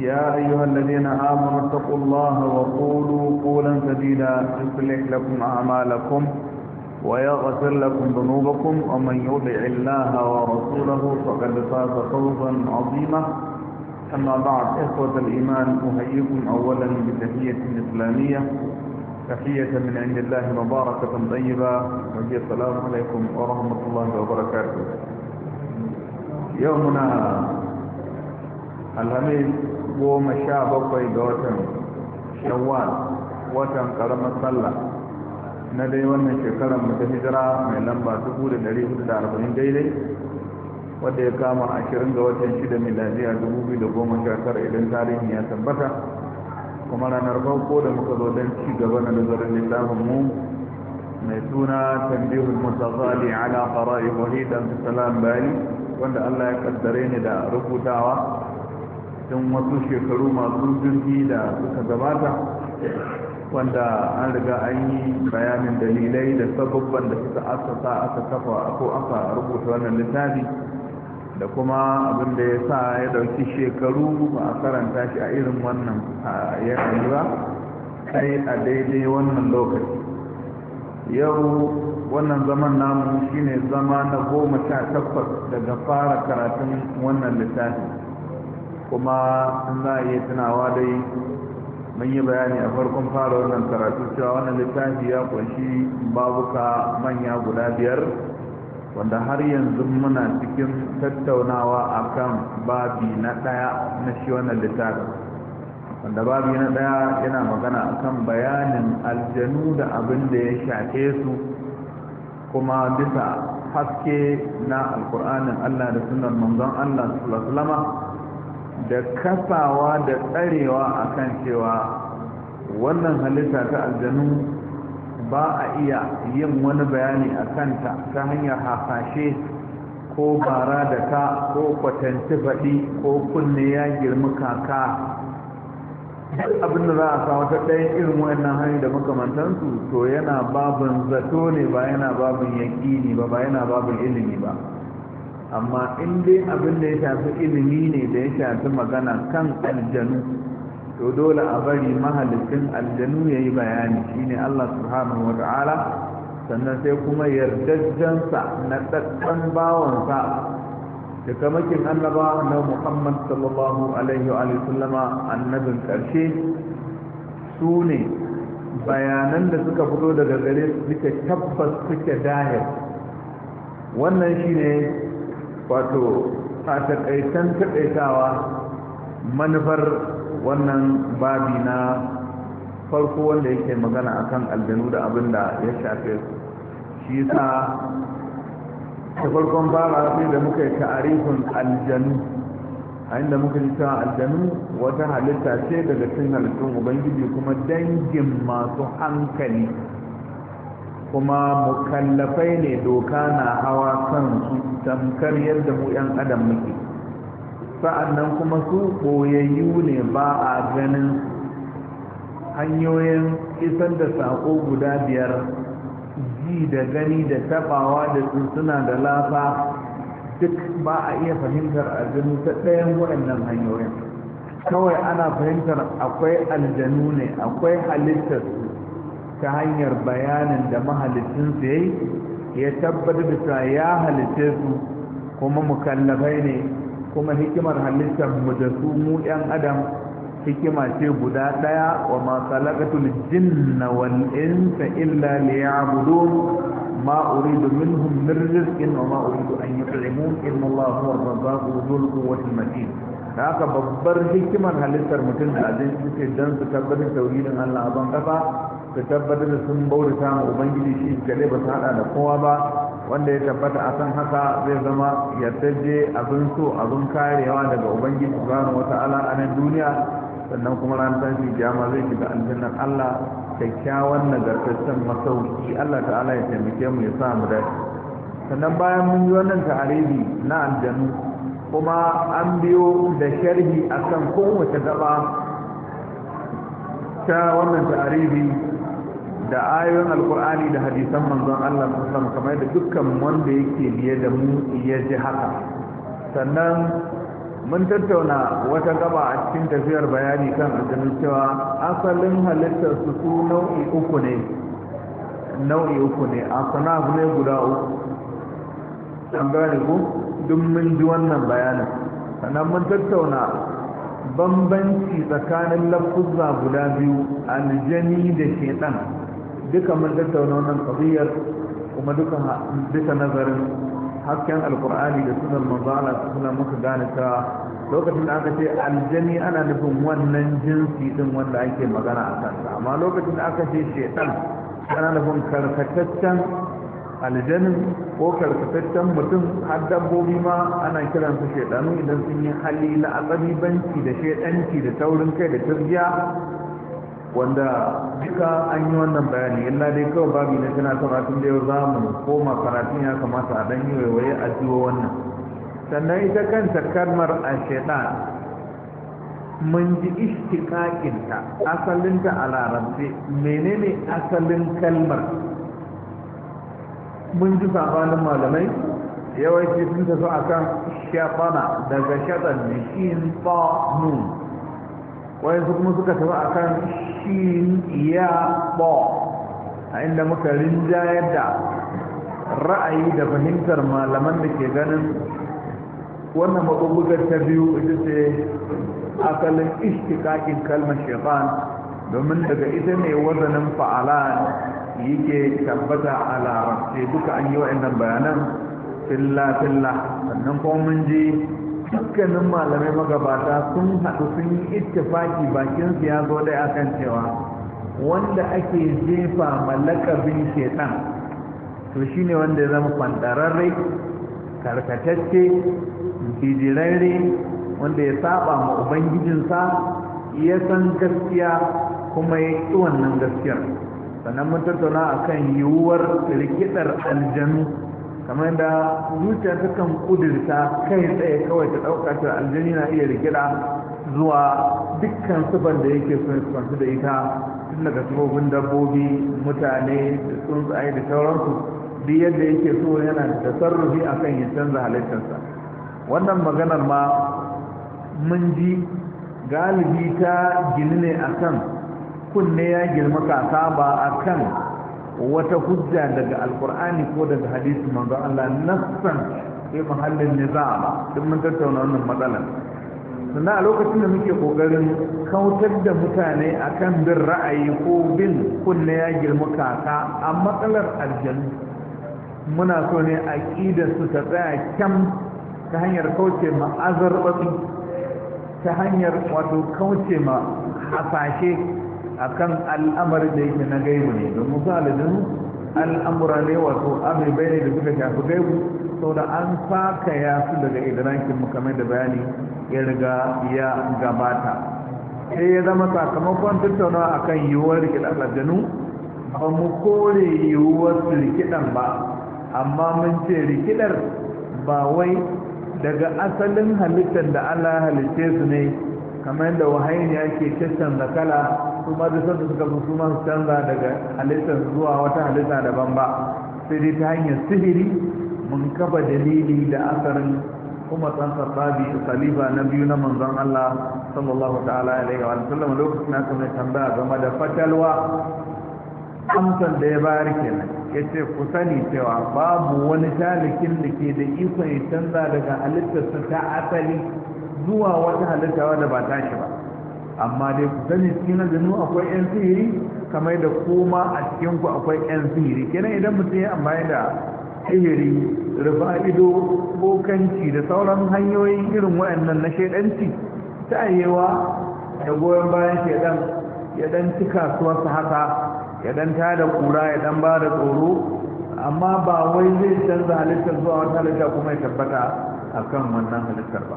يا أيها الذين آمنوا اتقوا الله وقولوا قولا سديدا يصلح لكم أعمالكم ويغفر لكم ذنوبكم ومن يطع الله ورسوله فقد فاز فوزا عظيما أما بعد إخوة الإيمان أهيئكم أولا بتحية إسلامية تحية من عند الله مباركة طيبة وهي السلام عليكم ورحمة الله وبركاته يومنا الهميل goma sha bakwai ga watan shawwal watan karamar sallah na dai wannan shekarar mu ta hijira mai lamba 1440 daidai wadda ya kama 20 ga watan 6 miladiya 2019 idan tarihi ya tabbata kuma ranar farko da muka zo don ci gaba na nazarin littafin mu mai suna tambihul mutazali ala fara'i wahidan salam bali wanda Allah ya kaddare ni da rubutawa tun wasu shekaru masu jirgi da suka gabata wanda an riga an yi bayanin dalilai da sababban da suka asasa aka kafa ko aka rubuta wannan littafi da kuma abin da ya sa ya dauki shekaru ba a karanta shi a irin wannan yanayi ba kai a daidai wannan lokaci yau wannan zaman namu shine zama na goma sha takwas daga fara karatun wannan littafi kuma in za a iya tunawa dai mun yi bayani a farkon fara wannan karatu cewa wannan littafi ya kunshi babuka manya guda biyar wanda har yanzu muna cikin tattaunawa akan babi na ɗaya na shi wannan littafi wanda babi na ɗaya yana magana a kan bayanin aljanu da abin da ya shafe su kuma bisa haske na alkur'anin allah da sunan manzon allah sallallahu alaihi da kasawa da tsarewa a kan cewa wannan halitta ta aljanu ba a iya yin wani bayani a kanta ta hanyar hasashe ko bara da ka ko kwatanci faɗi ko kunne ya girma kaka duk abin da za a sa ta ɗayan irin wannan hanyar da makamantansu to yana babin zato ne ba yana babin yaƙini ba ba yana babin ilimi ba amma in dai abin da ya shafi ilimi ne da ya shafi magana kan aljanu to dole a bari mahalicin aljanu ya yi bayani shine allah subhanahu wa ta'ala sannan sai kuma yardajjensa na ɗaɗɗan bawansa da kamakin annaba na muhammad sallallahu alaihi wa sallama annabin ƙarshe su ne bayanan da suka fito daga gare suke tabbas suke dahir wannan shine wato a taƙaitan taƙaitawa manufar wannan babi na farko wanda yake magana akan aljanu da abin da ya shafe su shi sa ta farkon fara sai da muka yi ta'arifin aljanu a inda muka ji cewa aljanu wata halitta ce daga cin halittun ubangiji kuma dangin masu hankali kuma mukallafai ne doka na hawa kansu tamkar yadda mu 'yan adam muke sa'annan kuma su ɓoyayyu ne ba a ganin hanyoyin isar da sako guda biyar ji da gani da taɓawa da tsuntsuna da lafa duk ba a iya fahimtar aljanu ta ɗayan waɗannan hanyoyin kawai ana fahimtar akwai aljanu ne akwai halittar su ta hanyar bayanin da mahalicinsu ya yi ya tabbatar da ya halice su kuma mukallafai ne kuma hikimar halittar mu da su mu yan adam hikima ce guda ɗaya wa ma khalaqatul jinna wal insa illa liya'budun ما أريد منهم من رزق وما أريد أن يطعمون إن الله هو الرزاق ذو القوة المتين da haka babbar hikimar halittar mutum da ajin suke don su tabbatar tauhidin Allah a kafa su tabbatar da sun bautata ma ubangiji shi gare ba su hada da kowa ba wanda ya tabbata a kan haka zai zama yardaje abin so abin karewa daga ubangiji subhanahu wata'ala a nan duniya sannan kuma ran tashi jama zai shiga aljannar Allah kyakkyawan nagartaccen masauki Allah ta'ala ya taimake mu ya sa mu dai sannan bayan mun yi wannan ta'aribi na aljanu kuma an biyo da sharhi akan kowace gaba ta wannan tarihi da ayoyin alkur'ani da hadisan manzon Allah musamman kamar da dukkan wanda yake biye da mu ya ji haka sannan mun tattauna wata gaba a cikin tafiyar bayani kan aljanu cewa asalin halittar su su nau'i uku ne nau'i uku ne a ne guda uku an gane ku duk mun ji wannan bayanin sannan mun tattauna bambanci tsakanin lafuzza guda biyu aljani da shaitan duka mun tattauna wannan kabiyar kuma duka duka nazarin hasken alkur'ani da sunan manzo Allah sunan muka gane ta lokacin da aka ce aljani ana nufin wannan jinsi din wanda ake magana a kansa amma lokacin da aka ce shaitan ana nufin karkataccen aljanin ko karkataccen mutum har dabbobi ma ana kiran su shaidanu idan sun yi hali na banki da shaidanci da taurin kai da turjiya wanda duka an yi wannan bayani illa dai kawai babu na tana karatun da yau ko koma karatun ya kamata a dan waiwaye a jiwo wannan sannan ita kanta kalmar a shaidan mun ji ishtiƙaƙinta asalinta a larabce menene asalin kalmar mun ji sabanin malamai yawanci sun tafi a kan shafana daga shaɗar da shin fa nun wayansu kuma suka tafi a kan shin ya ba a inda muka rinjayar da ra'ayi da fahimtar malaman da ke ganin wannan maɓuɓɓugar ta biyu ita ce asalin ishtikakin kalmar shekan domin daga ita ne wazanin fa'alan yake tabbata a sai duka an yi wa'annan bayanan filla-filla sannan ko mun ji dukkanin malamai magabata sun haɗu sun yi ittifaki bakin su ya zo dai akan cewa wanda ake jefa malakabin shetan to shine wanda ya zama kwantararre karkatacce bijirarre wanda ya saba ma ubangijinsa ya san gaskiya kuma ya ƙi wannan gaskiyar sannan mun tattauna a kan yiwuwar rikidar aljanu kamar da zuciya ta kan kudurta kai tsaye kawai ta ɗauka ta aljani na iya rikida zuwa dukkan sufan da yake son kwanci da ita tun daga tsohon dabbobi mutane da tsuntsaye da sauransu duk yadda yake so yana da a akan ya canza halittarsa wannan maganar ma mun ji galibi ta gini ne akan kunne ya girma kasa ba a kan wata hujja daga alkur'ani ko daga hadisi manzo Allah nassan sai mahallin niza ba duk mun tattauna wannan matsalar sannan a lokacin da muke kokarin kautar da mutane akan bin ra'ayi ko bin kunne ya girma kaka a matsalar aljanu muna so ne aƙidar su ta tsaya kyam ta hanyar kauce ma azarbatsi ta hanyar wato kauce ma hasashe akan al'amari da yake na gaibu ne domin su aladun al'amura ne wato abubai ne da suka shafi gaibu sau da an saka ya su daga idanakin mu da bayani ya riga ya gabata sai ya zama sakamakon tattaunawa kan yiwuwar rikidan aljanu ba mu kore yiwuwar su rikidan ba amma mun ce rikidar ba wai daga asalin halittar da Allah halitte su ne kamar da wahayin ya ke kishan da kala su ma duk da suka su ma su canza daga halittar zuwa wata halitta daban ba sai dai ta hanyar sihiri mun kafa dalili da asarin kuma san da khalifa na biyu na manzon Allah sallallahu ta'ala alaihi wa sallam lokacin da kuma tambaya game da fatalwa amsan da ya bayar kenan ya ce ku sani cewa babu wani talikin da ke da ikon ya canza daga halittarsa ta asali zuwa wata halitta wadda ba ta shi ba amma dai ku sani cikin aljanu akwai yan sihiri kamar da koma a cikin ku akwai yan sihiri kenan idan mutum ya amfani da sihiri rufa ido bokanci da sauran hanyoyin irin waɗannan na shaidanci ta ayewa da goyon bayan shaidan ya dan ci wasu haka ya dan da kura ya dan ba da tsoro amma ba wai zai canza halittar zuwa wata halitta kuma ya tabbata akan wannan halittar ba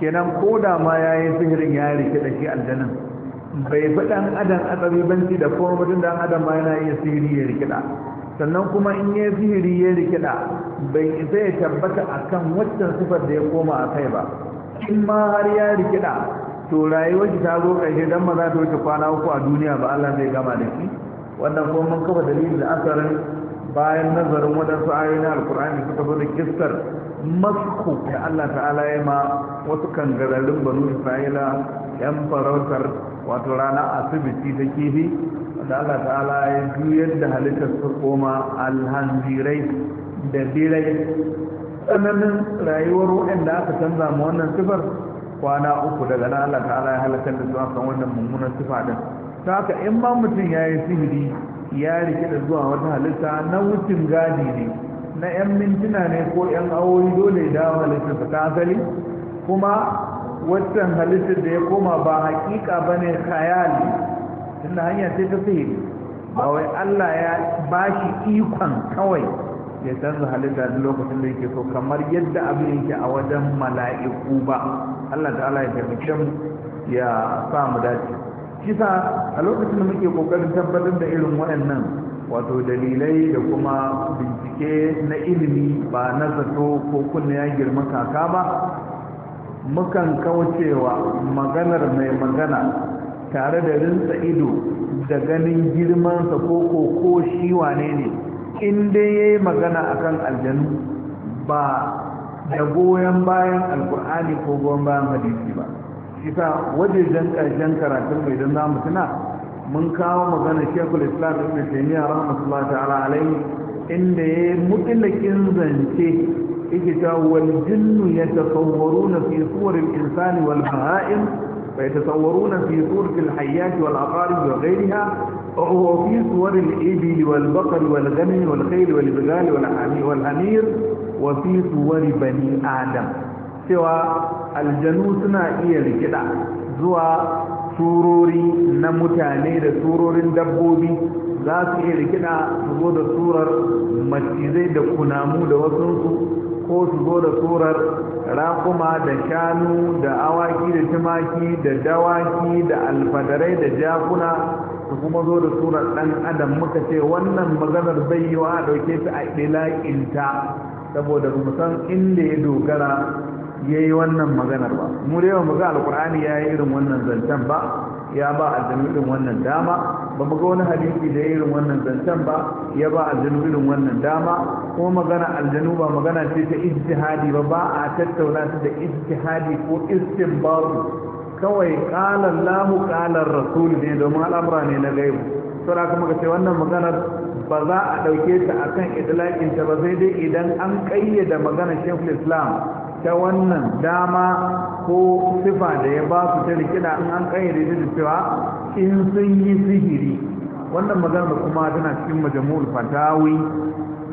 kenan ko da ma ya yi sihirin ya rike da shi aljanin bai fi ɗan adam asali banci da kuma mutum ɗan adam ma yana iya sihiri ya rikida sannan kuma in ya sihiri ya rikiɗa bai isa ya tabbata a kan waccan sifar da ya koma a kai ba in ma har ya rikida to rayuwar ta zo ƙarshe dan ma za ta wuce kwana uku a duniya ba Allah zai gama da shi wannan kuma mun kafa dalilin da asarin bayan nazarin waɗansu ayoyin alkur'ani suka zo da kiskar masko da Allah ta'ala ya ma wasu kangararin banu isra'ila yan farautar wato rana asibiti ta kifi da Allah ta'ala ya juyar da halittar su koma alhanzirai da birai tsananin rayuwar waɗanda aka canza ma wannan sifar kwana uku daga nan Allah ta'ala ya halakar da su akan wannan mummunan sifa din ta haka in ma mutum ya yi sihiri ya rike da zuwa wata halitta na wucin gadi ne na 'yan mintuna ne ko 'yan awoyi dole ya dawo halittarsa ta kasali kuma watan halittar da ya koma ba hakika ba ne khayali tunda hanya ce ta sihiri ba wai Allah ya ba shi ikon kawai ya canza halitta da lokacin da yake so kamar yadda abin yake a wajen mala'iku ba Allah ta'ala ya taimake mu ya sa mu dace kisa a lokacin da muke kokarin tabbatar da irin waɗannan wato dalilai da kuma bincike na ilimi ba na zato ko kunna ya girma kaka ba mukan kaucewa maganar mai magana tare da rinsa ido da ganin girmansa ko ko shi wane ne in dai ya yi magana akan aljanu ba da goyon bayan alkur'ani ko goyon bayan hadisi ba isa wajejen ƙarshen karatun mai don za mu tuna من كاو مغنى شيخ الإسلام ابن تيمية رحمة الله تعالى عليه إن مطلق إنزان شيء والجن يتصورون في صور الإنسان والبهائم فيتصورون في صورة الحيات والعقارب وغيرها وهو في صور الإبل والبقر والغنم والخيل والبغال والحمير وفي صور بني آدم سوى الجنوس نائية لكذا زوى surori na mutane da surorin dabbobi za su iya rikida su zo da surar macizai da kunamu da wasunsu ko su zo da surar rakuma da shanu da awaki da tumaki da dawaki da alfadarai da jakuna su kuma zo da surar dan adam muka ce wannan maganar zai yi wa ɗauke ta a ɗilaƙinta saboda musan inda ya dogara yayi wannan maganar ba mu da yawan muga alkur'ani ya yi irin wannan zancen ba ya ba aljanu irin wannan dama ba mu ga wani hadisi da ya irin wannan zancen ba ya ba aljanu irin wannan dama ko magana aljanu ba magana ce ta ijtihadi ba ba a tattauna ta da ijtihadi ko istinbaru kawai qala Allahu qala rasul ne domin al'amura ne na gaibu saboda kuma ka ce wannan maganar ba za a ɗauke ta akan idlaƙinta ba sai dai idan an ƙayyade maganar shekul islam ta wannan dama ko sifa da ya ba su ta rikida in an kayyade ta da cewa in sun yi sihiri wannan magana kuma tana cikin majamul fatawi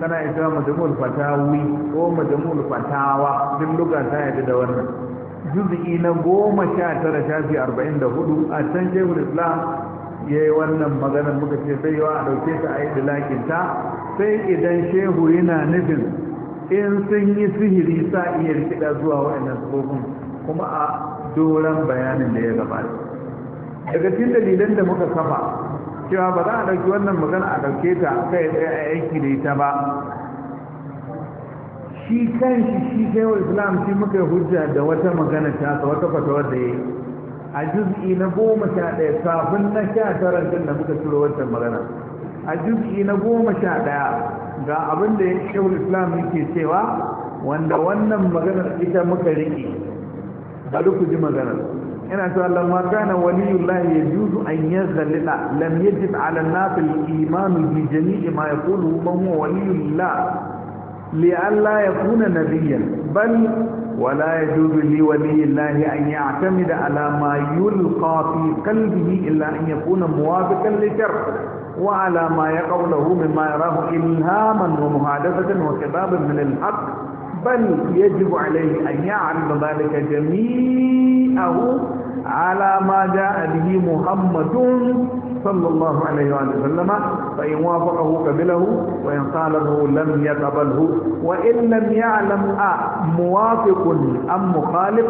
tana isa majamul fatawi ko majamul fatawa duk duka ta yadda da wannan juz'i na goma sha tara shafi arba'in da hudu a can shehul islam ya yi wannan maganar muka ce sai yawa a ɗauke ta a yi ta sai idan shehu yana nufin in sun yi sihiri sa iya rikida zuwa waɗannan tsohon kuma a doron bayanin da ya gabata daga cikin dalilan da muka kafa cewa ba za a ɗauki wannan magana a ɗauke ta kai tsaye a yanki da ita ba shi kan shi shi wa islam shi muka yi hujja da wata magana ta wata fatawar da ya yi a juz'i na goma sha ɗaya kafin na sha tara da muka ciro wancan magana a juki na goma sha ɗaya ga abin da shehul islam yake cewa wanda wannan maganar ita muka riƙe bari ku ji maganar ina cewa lamma kana waliyullahi juzu an yazallila lam yajib ala an-nas al-iman bi jami'i ma kulu ban huwa waliyullah li'alla na nabiyyan bal wala ya ولا يجوز لولي الله أن يعتمد على ما يلقى في an إلا kuna يكون موافقا لشرعه وعلى ما يقع له مما يراه إلهاما ومحادثة وكذابا من الحق بل يجب عليه أن يعلم ذلك جميعه على ما جاء به محمد صلى الله عليه وآله وسلم فإن وافقه قبله وإن خالفه لم يقبله وإن لم يعلم موافق أم مخالف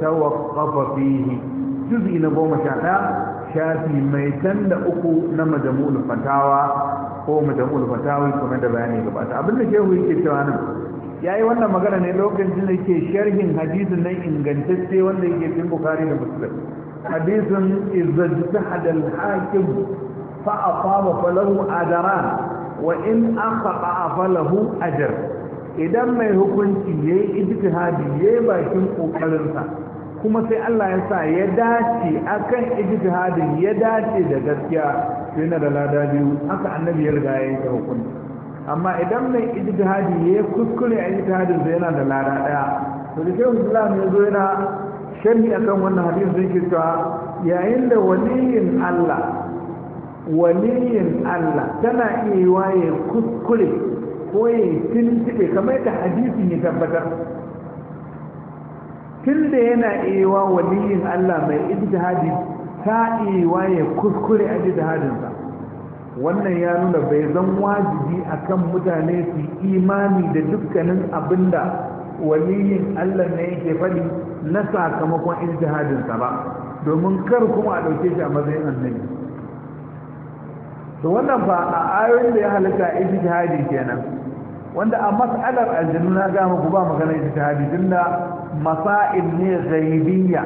توقف فيه جزء نبوة شعباء shafi mai can da uku na majamul fatawa ko majamu'ul fatawi kuma da bayani gabata abin da shehu yake cewa nan ya yi wannan magana ne lokacin da yake sharhin hadisin nan ingantacce wanda yake cikin bukari da muslim hadisin izajtahada al-hakim fa afaba falahu adaran wa in akhata falahu ajr idan mai hukunci yayi ijtihadi yayi bakin kokarinsa kuma sai Allah ya sa ya dace akan ijtihadin ya dace da gaskiya yana da lada biyu haka annabi ya riga ya yi ta hukunci amma idan mai ijtihadi ya kuskure a ijtihadin zai yana da lada daya to da shehu islam ya zo yana sharhi akan wannan hadisi zai ke cewa yayin da waliyin Allah waliyin Allah tana iya yi waye kuskure ko ya tintibe kamar yadda hadisin ya tabbatar tun da yana ewa waliyin Allah mai ijtihadi ta ewa ya kuskure a ijtihadinsa wannan ya nuna bai zan wajibi akan mutane su imani da dukkanin abinda waliyin Allah ne yake faɗi na sakamakon ijtihadinsa ba domin kar kuma a ɗauke shi a matsayin annabi to wannan ba a ayoyin da ya halitta ijtihadi kenan wanda a matsalar aljanu na ga muku ba magana ita hadi masa'il ne ghaibiyya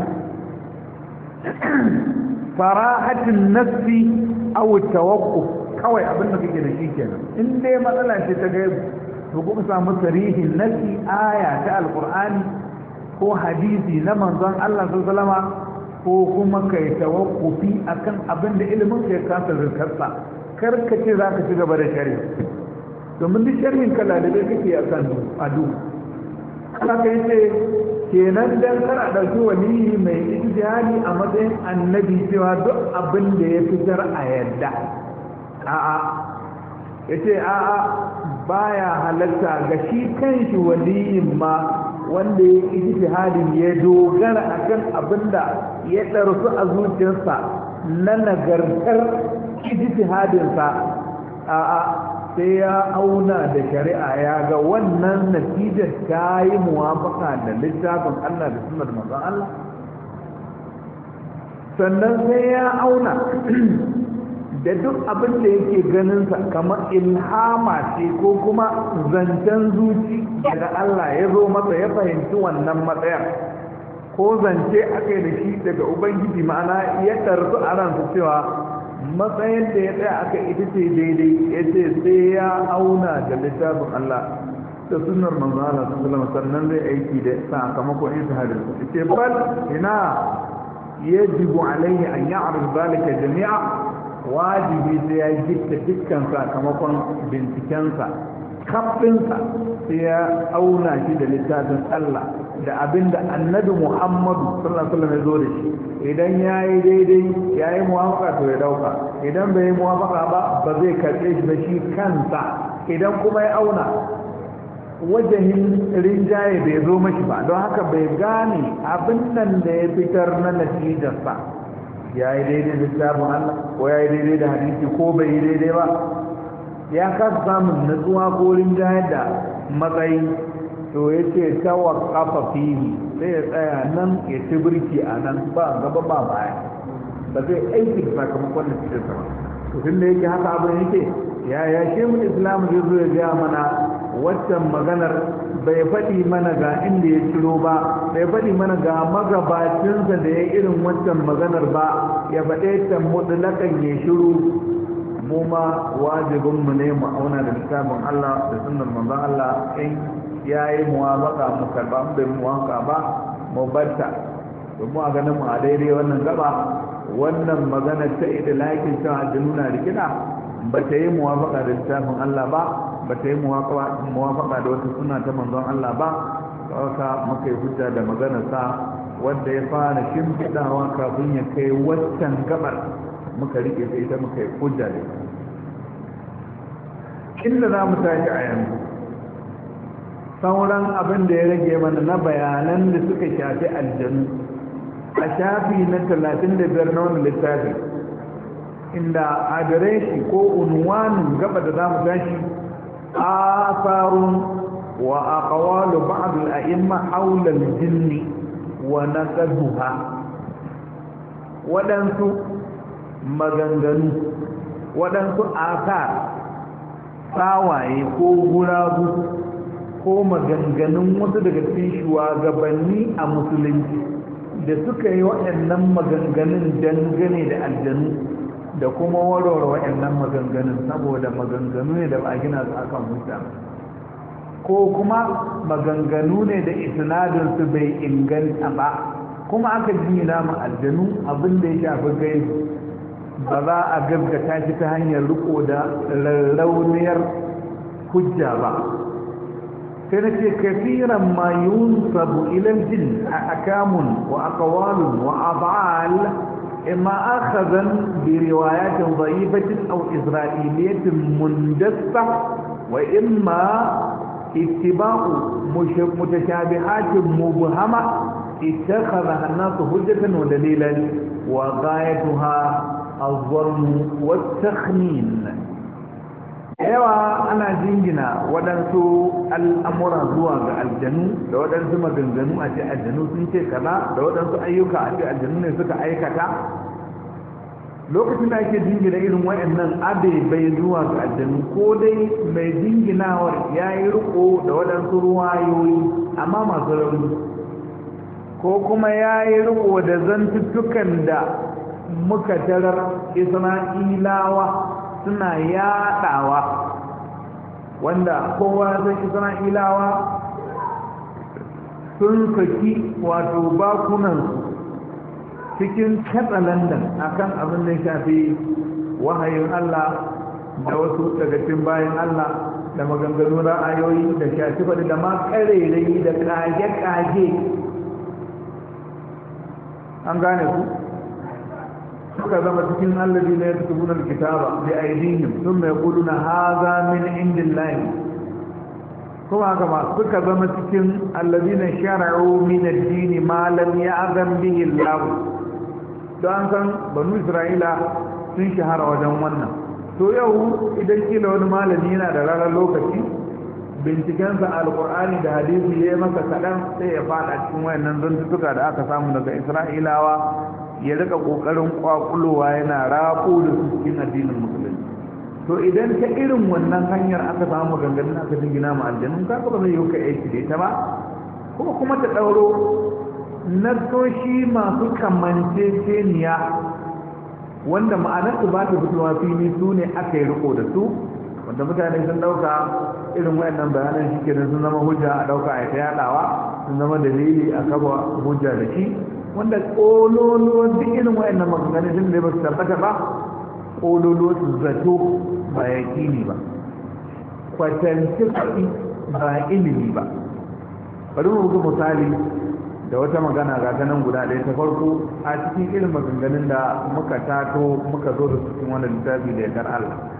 farahatin nafsi aw tawaqquf kawai abin da kake da shi kenan in dai matsala ce ta ga to kuma samu sarihin nafsi aya ta alqur'ani ko hadisi na manzon Allah sallallahu alaihi ko kuma kai tawakkufi akan abin da ilimin ka ya kasa zirkarsa kar ka ce za ka ci gaba da shari'a domin duk sharhin ka lalibai kake a kan ka yi ce kenan dan kar a ɗauki waliyi mai ijtihadi a matsayin annabi cewa duk abin da ya fitar a yadda a'a ce a'a baya halatta ga shi kanshi waliyin ma wanda ya yi ijtihadin ya dogara akan abin da ya ɗarsu a zuciyarsa na nagartar ijtihadinsa a'a sai ya auna da shari'a ya ga wannan natijar ta yi muwafaka da littafin Allah da sunar Allah sannan sai ya auna da duk abin da yake ganinsa kamar ilhama ce ko kuma zancen zuci daga Allah ya zo masa ya fahimci wannan matsayar ko zance aka yi da shi daga ubangiji ma'ana ya tarzu a ransu cewa matsayin da ya tsaya aka ita ce daidai ya ce sai ya auna da littafin Allah da sunnar manzo Allah sannan zai aiki da sakamakon in shahadar sa ce bal ina yajibu alaihi an ya'rif zalika jami'a wajibi ta ya gitta dukkan sakamakon bincikensa kafinsa sai ya auna shi da littafin Allah da abin da annabi muhammadu sallallahu alaihi wasallam ya zo da shi idan ya yi daidai ya yi muwafaka to ya dauka idan bai yi muwafaka ba ba zai karɓe shi ba shi kansa idan kuma ya auna wajahin rinjaye bai zo mashi ba don haka bai gane abin nan da ya fitar na natijarsa ya yi daidai da littafin Allah ko ya yi daidai da hadisi ko bai yi daidai ba ya kasa samun natsuwa ko rinjaye da matsayi to ya ce tawakafa fili sai ya tsaya nan ya ci birki a nan ba gaba ba baya ba zai aiki da sakamakon da cikin sama to tun da yake haka abin yake ya ya shehun islam zai zo ya gaya mana waccan maganar bai faɗi mana ga inda ya ciro ba bai faɗi mana ga magabacinsa da ya irin waccan maganar ba ya faɗe ta mutlakan ya shiru mu ma wajibinmu ne mu auna da littafin Allah da sunnar manzon Allah in ya yi muwafaka mu karba mu bai muwafaka ba mu barta domin a ganin mu a daidai wannan gaba wannan magana ta idalakin cewa aljanu na rikida ba ta yi muwafaka da littafin Allah ba ba ta yi muwafaka da wata suna ta manzon Allah ba kawaka muka yi hujja da magana sa wanda ya fara shimfiɗawa kafin ya kai waccan gabar muka rike sai ita muka yi hujja da ita inda za mu tashi a yanzu sauran abin da ya rage mana na bayanan da suka shafi aljanu a shafi na 35 na wani littafi. inda adireshi ko unwanin gaba da zamu tashi asarun wa aqwalu ba'd al-a'imma hawla al-jinni wa naqaduha Waɗansu maganganu wadansu asar tsawaye ko guragu ko maganganun wasu daga cikin shugabanni a musulunci da suka yi waɗannan maganganun dangane da aljanu da kuma warware waɗannan maganganun saboda maganganu ne da ba gina su akan musa ko kuma maganganu ne da isnadinsu bai inganta ba kuma aka jina mu aljanu abin da ya shafi gaisu ba za a gaggata shi ta hanyar riko da rarrauniyar hujja ba كانت كثيرا ما ينسب إلى الجن أكام وأقوال وافعال إما أخذا بروايات ضعيفة أو إسرائيلية مندسة وإما اتباع متشابهات مبهمة اتخذها الناس هجة ودليلا وغايتها الظلم والتخمين yawa ana jingina waɗansu al'amura zuwa ga aljanu da waɗansu maganganu a ce aljanu sun ce kaza da waɗansu ayyuka a ce aljanu ne suka aikata lokacin da ake jingina irin abe abebai zuwa ga aljanu ko dai mai jinginawar ya yi riko da waɗansu ruwayoyi amma masu rauni ko kuma ya yi riko da zantuttukan da muka tarar isra'ilawa suna yaɗawa wanda kowa zai san ilawa sun saki wato bakunansu cikin katsalandan akan abin da shafi wahayin allah da wasu daga cikin bayan allah da maganganun ra'ayoyi da shafi da ma karerai da ƙage-ƙage an gane ku suka zama cikin allazi ne suka guna kitaba bi aidihim sun mai guduna haza min layin. kuma haka suka zama cikin allazi na shara'u min addini ma lam ya'zam bihi Allah don an san banu isra'ila sun shahara wajen wannan to yau idan kila wani malami yana da ranar lokaci bincikensa alkur'ani da hadisi ya yi masa kaɗan sai ya faɗa cikin wayannan zantutuka da aka samu daga isra'ilawa ya rika kokarin kwakulowa yana rafo da su cikin addinin musulunci to idan ta irin wannan hanyar aka samu ganganin aka gina ma aljanun ka ba zai yi ka aiki da ita ba ko kuma ta ɗauro nasoshi masu kamanceceniya wanda ma'anar su ba ta fitowa fili su ne aka yi riko da su wanda mutane sun dauka irin wayannan bayanan shi kenan sun zama hujja a dauka a ta yadawa sun zama dalili a kaba hujja da shi wanda kololuwar duk irin wayannan maganganun sun da ba su tabbata ba kololuwar su zato ba kini ba kwatanci kuɗi ba ilimi ba bari mu buga misali da wata magana ga ganin guda ɗaya ta farko a cikin irin maganganun da muka tato muka zo da cikin wannan littafi da ya Allah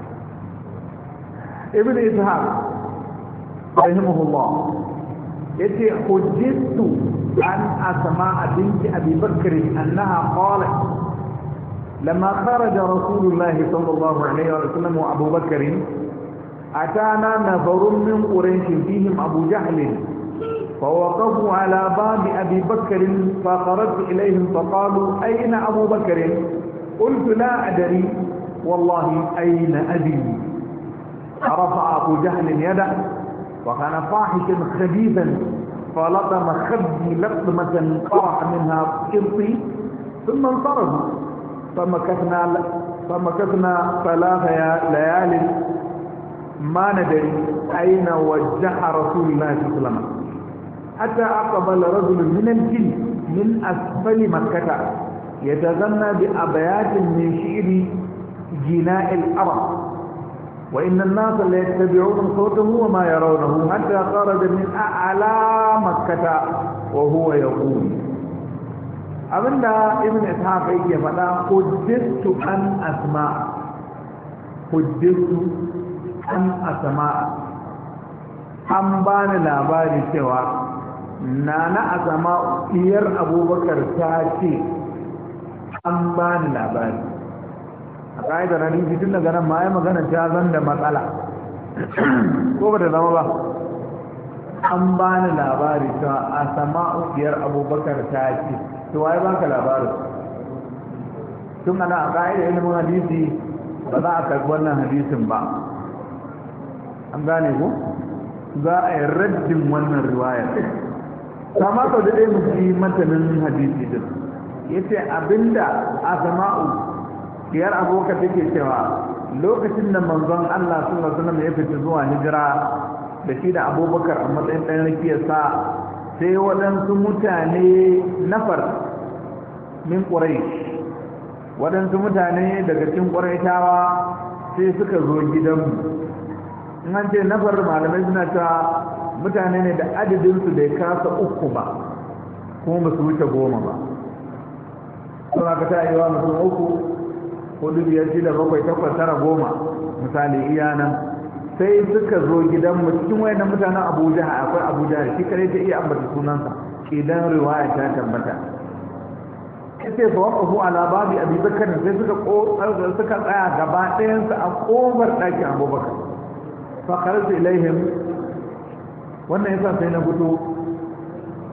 ابن إسحاق رحمه الله يتي حجزت عن أسماء بنت أبي بكر أنها قالت لما خرج رسول الله صلى الله عليه وسلم وأبو بكر أتانا نظر من قريش فيهم أبو جهل فوقفوا على باب أبي بكر فخرجت إليهم فقالوا أين أبو بكر قلت لا أدري والله أين أبي فرفع أبو جهل يده وكان فاحشا خبيثا فلطم خبي لطمة طرح منها قرطي ثم انصرف فمكثنا فمكثنا ثلاث ليال ما ندري أين وجه رسول الله صلى الله عليه وسلم حتى أقبل رجل من الجن من أسفل مكة يتغنى بأبيات من شعر جناء الأرض وإن الناس ليتبعون صوته وما يرونه حتى خرج من أعلى مكة وهو يقول أبدا ابن إسحاق يجي فلا حدثت أن أسمع حدثت أن أسمع an bani labari cewa nana a zama iyar abubakar ta ce an bani labari a na hadisi tun daga nan ma ya magana ta zan da matsala ko ba ta zama ba an ba ni labari ta a sama biyar abubakar ta ce to waye ka labarin tun ana a ƙa'ida ilimin hadisi ba za a karɓi wannan hadisin ba an gane ku za a yi raddin wannan Ta kama sau da ɗaya mu matanin hadisi din ya ce abinda a sama'u diyar abokan take cewa lokacin da manzon Allah sallallahu alaihi wasallam ya fita zuwa hijira da shi da abubakar a matsayin ɗan rakiyarsa sai waɗansu mutane nafar min ƙurai waɗansu mutane daga cikin tawa sai suka zo gidanmu in an ce nafar malamai suna cewa mutane ne da adadinsu bai kasa uku ba kuma ba su wuce goma ba suna ka ta yi wa mutum uku hudu biyar shida bakwai takwas tara goma misali iya nan sai suka zo gidanmu cikin wayan mutanen abuja akwai abuja da shi kare ta iya ambata sunansa idan riwaya ta tabbata kace fa waqafu ala babi a bakar sai suka suka tsaya gaba ɗayan su a kofar ɗakin abubakar fa su ilaihim wannan yasa sai na fito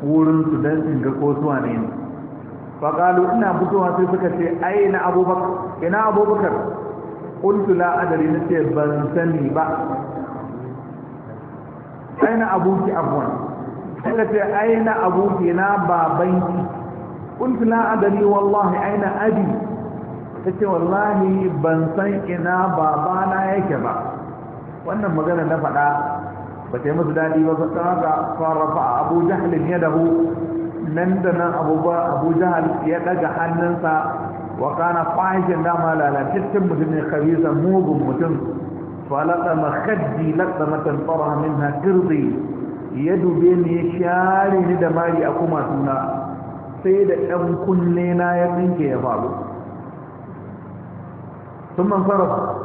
wurin su dan in ga ko ne faƙalu ina fitowa sai suka ce aina abubakar ina abubakar ƙuntu la adari na ce ban sani ba aina na abuki afwan suka ce aina na abuki na babanki ƙuntu la adari wallahi aina na abi ta ce wallahi ban san ina babana yake ba wannan magana na faɗa ba ta yi musu daɗi ba ta haka farafa abu jahlin yadahu nan da nan abu jahal ya daga hannunsa wa kana fahishin dama lalataccen mutum ne kabisa mugun mutum falata makaddi kaddi matan tsara min na ya dube ni ya share ni da mari a kuma suna sai da ɗan kunne na ya tsinke ya faru sun man sarrafa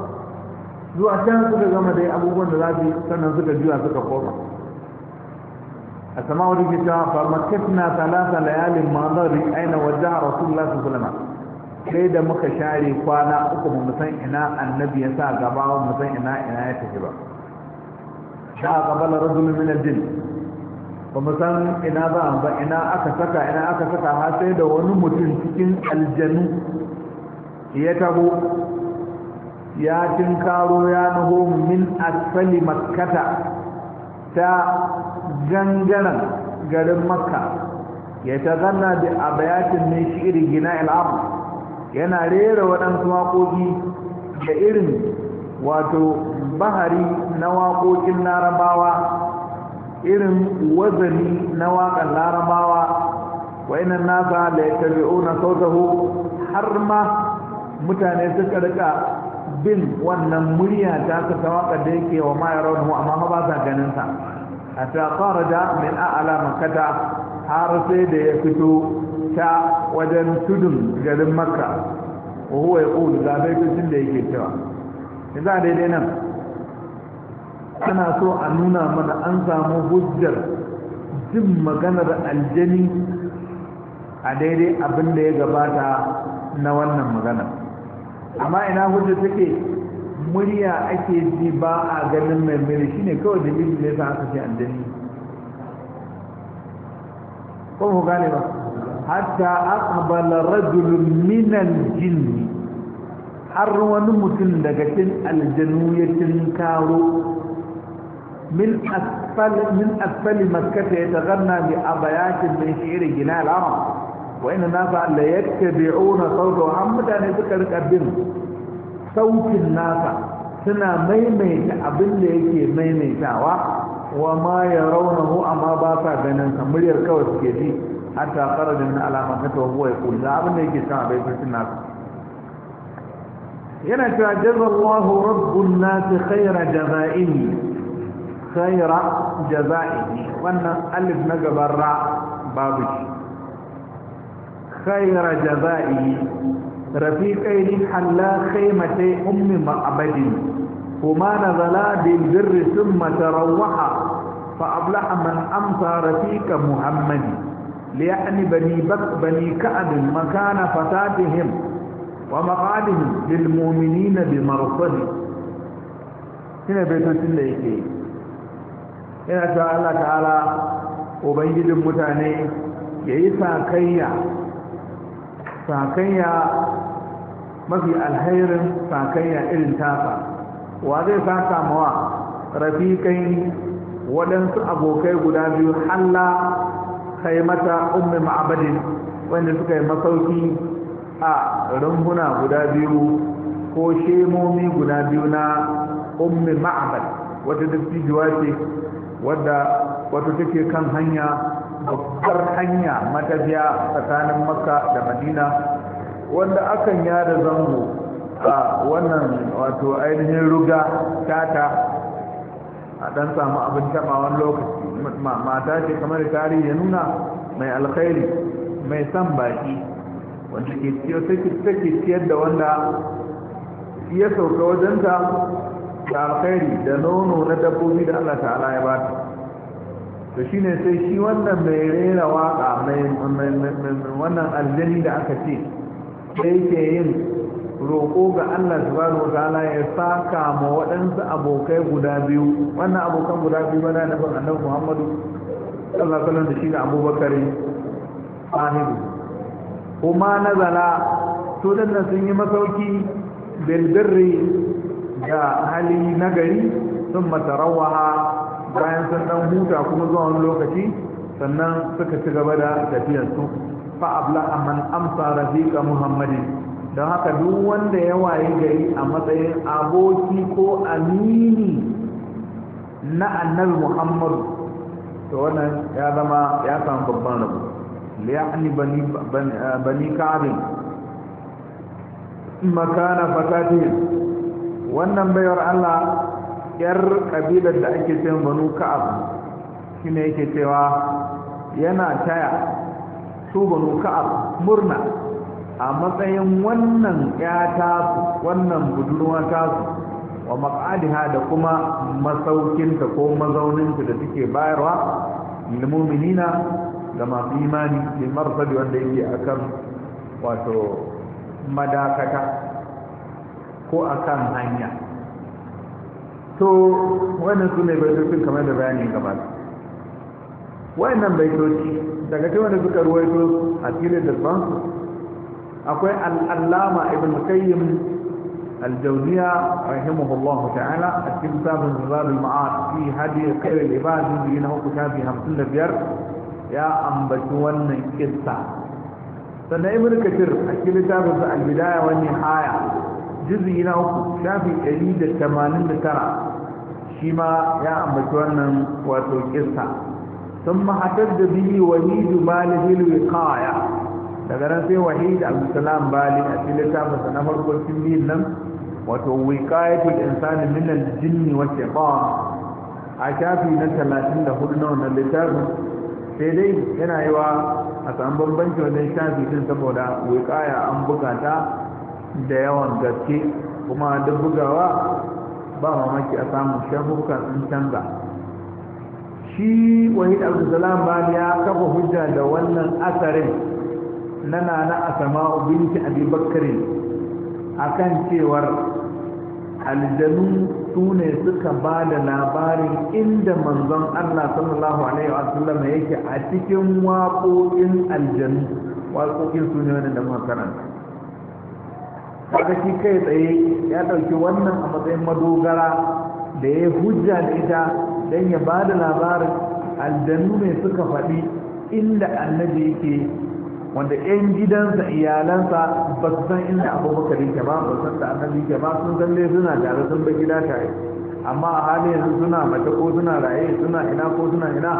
zuwa can suka gama dai abubuwan da za su yi sannan suka juya suka koma السماء وريك فمكثنا ثلاث ليال منظر أين وجه رسول الله صلى الله عليه وسلم sai da muka share kwana uku ba mu san ina annabi ya sa gaba mu san ina ina ya tafi ba sha qabala rajulun min al-jinn ba san ina za ba ina aka saka ina aka saka har sai da wani mutum cikin aljanu ya taho ya tinkaro ya naho min asfali makkata ta gangana garin makka ya tazanna da abayatin ne irin gina al'abu yana rera waɗansu waƙoƙi da irin wato bahari na waƙoƙin larabawa irin wazani na waƙan larabawa wa'inan nasa da ya tabi'u na sautahu har ma mutane suka rika bin wannan murya ta ta waƙar da yake wa ma ya amma ba sa ganin sa hatta kharaja min a'la makkata har sai da ya fito ta wajen tudun garin makka wa huwa yaqulu da bai da yake cewa idan daidai nan ana so a nuna mana an samu hujjar jin maganar aljani a daidai abin da ya gabata na wannan magana amma ina hujjar take murya ake ji ba a ganin mai shi shine kawai dalilin da yasa aka ce dani ko mu gane ba hatta aqbala rajulun min al-jinn har wani mutum daga cikin aljanu ya tinkaro min asfal min asfal makkah ya tagarna bi abayat min jinal gilal wa inna nasa la yattabi'una sawta wa mutane suka rika bin Saukin nasa suna maimaita abin da yake maimaitawa wa ma ya rauna hu amma ba sa ganin sa muryar kawai suke ji hatta faraja min alamata wa huwa ku da abin da yake sama bai fitin nasa yana cewa jazallahu rabbun nasi khaira jaza'ini khaira jaza'ini wannan alif na gaban ra babu shi khaira jaza'ini رفيقين حلا خيمتي أم معبد وما نزلا بالبر ثم تروح فأبلح من أمسى رفيق محمد ليعني بني بك بني كعب مكان فتاتهم ومقالهم للمؤمنين بمرصد هنا بيت الله يكي هنا تعالى تعالى وبنجد المتاني يعيسى كيّا sakayya mafi alherin sakayya irin tasa wa zai saka mawa rafikai waɗansu abokai guda biyu halla mata ummi ma'abadin wanda suka yi masauki a rumbuna guda biyu ko shemomi guda biyu na ummi ma'abad wata dattijuwa ce wadda wata take kan hanya babbar hanya matafiya tsakanin makka da madina wanda akan yada zango a wannan wato ainihin ruga tata a dan samu abin tabawan lokaci mata ce kamar tarihi ya nuna mai alkhairi mai san baki wanda ke take ciyar da wanda ya sauka wajenta da alkhairi da nono na dabbobi da allah ta'ala ya bata to shi ne sai shi wannan mai rera waka mai wannan aljani da aka ce sai ke yin roƙo ga Allah subhanahu wataala ya saka ma waɗansu abokai guda biyu wannan abokan guda biyu bana nufin annabi Muhammadu sallallahu alaihi da shi da Abubakar sahibu kuma nazala to dan sun yi masauki bil birri da hali nagari sun matarawaha bayan sun dan huta kuma zuwa wani lokaci sannan suka ci gaba da tafiyarsu fa abla amman amsa rafiqa muhammadin don haka duk wanda ya waye gari a matsayin aboki ko amini na annabi muhammadu to wannan ya zama ya samu babban rabu liya'ni bani ka'abin makana wannan bayar allah yar kabilar da ake cin banu ka'ab shine yake cewa yana taya su banu ka'ab murna a matsayin wannan ya tasu wannan budurwa tasu wa maqadiha da kuma masaukinta ko mazauninta da suke bayarwa muminina da masu imani da marfadi wanda yake akan wato madakata ko akan hanya to wannan su ne baitocin kamar da bayanin gaba wannan baitoci daga ta wanda suka ruwaito a filin dalban akwai al'allama ibn kayyim aljauniya rahimahullahu ta'ala a cikin sabon zubarun ma'ar fi hadi kai libadin da yana hukun shafi hamsin da biyar ya ambaci wannan kisa. sannan ibn Katir a cikin sabon zubarun ma'ar fi hadi juzi na uku shafi ɗari da tamanin da tara shi ma ya ambaci wannan wato kissa sun mahatar da biyu wahidu bali hilwi kaya daga nan sai wahid abdulsalam bali a filin tafasa na farko cikin biyun nan wato wikayatul insani minal jinni wa shaitan a shafi na 34 na wannan littafin sai dai yana yi wa a samu bambanci wajen shafi din saboda wikaya an bukata da yawan gaske kuma duk bugawa ba mamaki a samun shafukan sun canza shi wahid abdulsalam bani ya kafa hujja da wannan asarin na nana asama binti abi a akan cewar aljanu su suka ba da labarin inda manzon allah sallallahu alaihi wa sallam yake a cikin waƙoƙin aljanu waƙoƙin su ne da muka kaga shi kai tsaye ya ɗauki wannan a matsayin madogara da ya hujja da ita don ya ba da labarin aljanu ne suka faɗi inda annabi yake wanda 'yan gidansa iyalansa ba su san inda abubakar yake ba ba san da annabi yake ba sun san dai suna tare sun ba gida tare amma a halin yanzu suna mace ko suna raye suna ina ko suna ina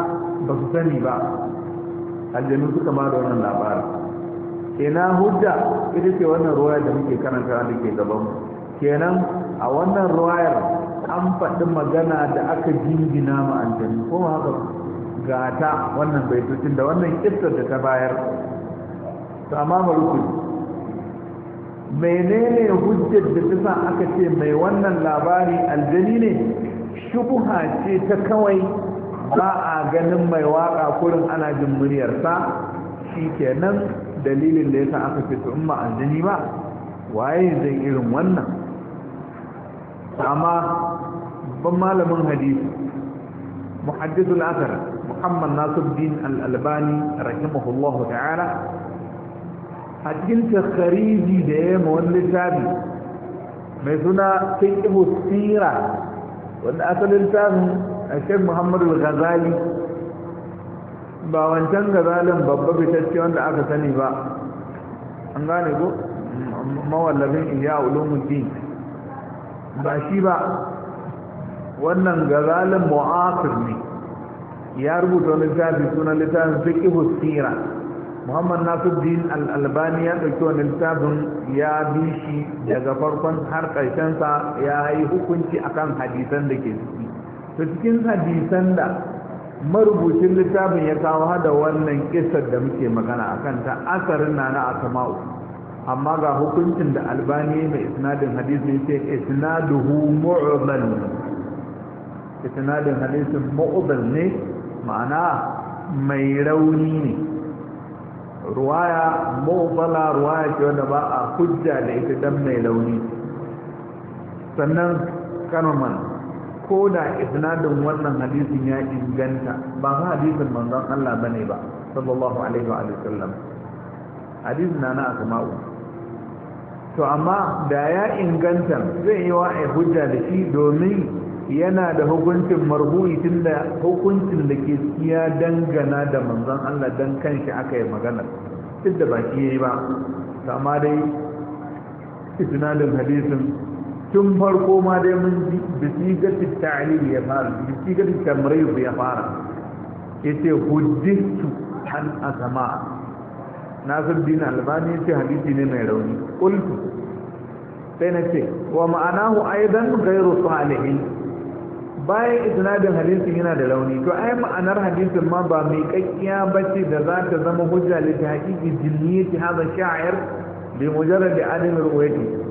ba su sani ba aljanu suka ba da wannan labarin ina hujja ita ce wannan ruwayar da muke karanta da ke gaban kenan a wannan ruwayar an faɗi magana da aka jingina ma aljanna ko haka gata wannan baitocin da wannan kissar da ta bayar to amma maruku menene hujjar da ta sa aka ce mai wannan labari aljani ne shubuha ce ta kawai ba a ganin mai waka kurin ana jin muryarsa shi kenan dalilin da yasa aka fito in ba aljani ba waye zai irin wannan amma babban malamin hadisi muhaddithul athar muhammad nasiruddin al-albani rahimahullahu ta'ala a cikin takhariji da ya ma wani littafi mai suna fiqhu sira wanda asalin littafin a shek muhammadu al-ghazali ba wancan gazalin babba fitacce wanda aka sani ba an gane ko mawallafin iya ulumuddin ba shi ba wannan gazalin mu'asir ne ya rubuta wani littafi suna littafin fiqhu sira muhammad nasiruddin al-albani ya ɗauki wani littafin ya bi shi daga farkon har ƙarshensa ya yi hukunci akan hadisan da ke ciki to cikin hadisan da marubucin littafin ya kawo hada wannan kisar da muke magana a kanta asarin na na asama'u amma ga hukuncin da albani mai isnadin hadisi ce isnaduhu mu'udal isnadin hadisin mu'udal ne ma'ana mai rauni ne ruwaya mu'udala ruwaya ce wanda ba a hujja da ita dan mai rauni sannan kanaman ko da isnadin wannan hadisin ya inganta ba fa hadisin manzon Allah bane ba sallallahu alaihi wa sallam hadisin na na asma'u to amma da ya inganta zai yi wa ai hujja da shi domin yana da hukuncin marbu'i tunda hukuncin da ke ya dangana da manzon Allah dan kanshi aka yi magana duk da ba shi yayi ba amma dai isnadin hadisin tun farko ma dai mun ji bisigati ta'alil ya fara bisigati tamrayu ya fara yace hujjatu an azama din albani yace hadisi ne mai rauni qultu sai na ce wa ma'anahu aidan ghayru salihin bayan isnadin hadisin yana da rauni. to ai ma'anar hadisin ma ba mai kakkiya bace da za ta zama hujja li tahqiqi jinniyati hadha sha'ir bi mujarrad adam ru'yati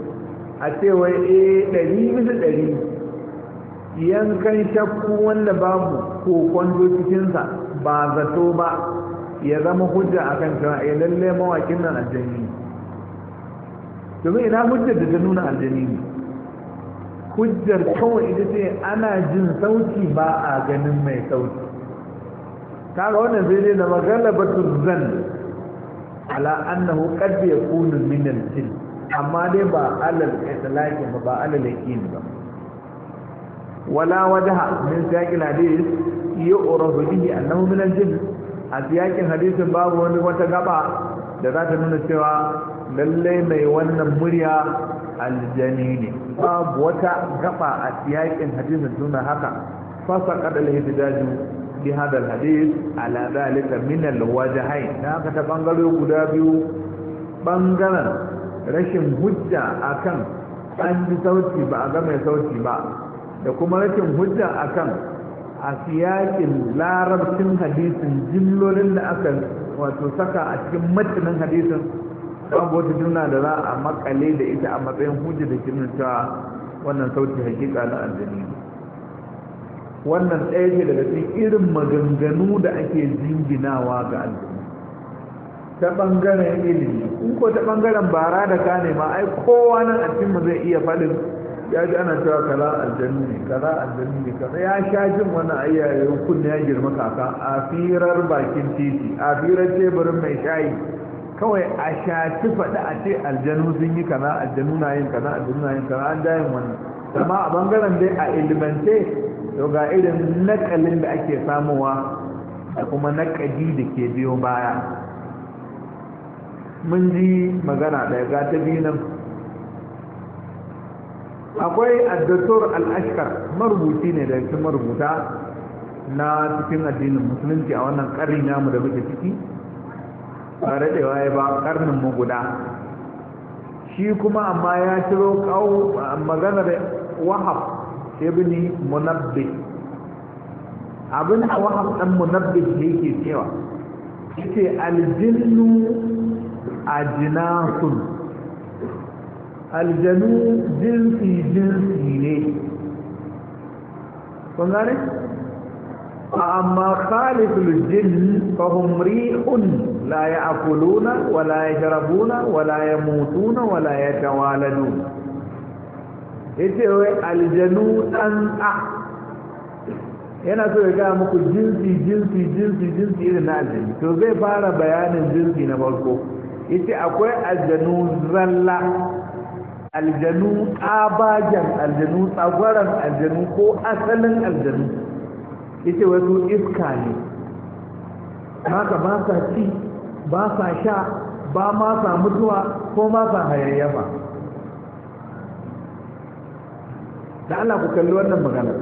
a cewa e eh, ɗari bisa ɗari yankan shakku wanda babu ko kwanzo cikinsa ba zato ba ya zama hujja a kan cewa a eh, lalle mawakin nan aljani domin ina hujjar da ta nuna aljani ne hujjar kawai ita ce ana jin sauti ba a ganin mai sauti kaga wannan zai ne da magalabatul zan ala annahu qad yakunu min al-jinn amma dai ba alal islaki ba ba alal yaqin ba wala wajha min hadis hadith yu'rafu bihi annahu min al a siyaqin hadisin babu wani wata gaba da za ta nuna cewa lalle mai wannan murya aljani ne babu wata gaba a siyaqin hadisin tuna haka fasaqad al-ihtidaju bi hadha al-hadith ala dalika min al-wajhayn da ta bangaro guda biyu bangaren rashin hujja akan an ji sauti ba a ga mai sauti ba da kuma rashin hujja akan a siyakin larabcin hadisin jillolin da aka wato saka a cikin matanin hadisin babu wata juna da za a makale da ita a matsayin hujja da ke cewa wannan sauti hakika na aljani wannan ɗaya ce daga cikin irin maganganu da ake jinginawa ga aljani ta ɓangaren ilimi in ko ta ɓangaren bara da kane ma ai kowa nan a cikin zai iya faɗin ya ji ana cewa kala aljanni ne kala aljanni ne kaza ya sha jin wani ayyayen kunna ya girma kaka a firar bakin titi a firar teburin mai shayi kawai a sha ci faɗi a ce aljanu sun yi kaza aljanu na yin kaza aljanu na yin kaza an dayin wani amma a bangaren dai a ilimance to ga irin nakalin da ake samuwa da kuma nakali da ke biyo baya mun ji magana ɗaya ga ta biyu nan akwai addator al'ashkar marubuci ne da yake marubuta na cikin addinin musulunci a wannan ƙarin namu da muke ciki ba daɗewa ya ba ƙarnin mu guda shi kuma amma ya ciro kawo maganar wahab ibn munabbi abin da wahab ɗan munabbi yake cewa yace aljinnu ajinasun aljanu jinsi jinsi ne kun gane amma khaliful jin fahum ri'un la ya'kuluna wa la jarabuna, wa la mutuna, wa la Ya yace wai aljanu dan a yana so ya gaya muku jinsi jinsi jinsi jinsi irin na aljani to zai fara bayanin jinsi na farko yace akwai aljanu zalla aljanu abajan aljanu tsagaran aljanu ko asalin aljanu yace wasu iska ne haka ba sa ci ba sa sha ba ma sa mutuwa ko ma sa hayayyafa da Allah ku kalli wannan magana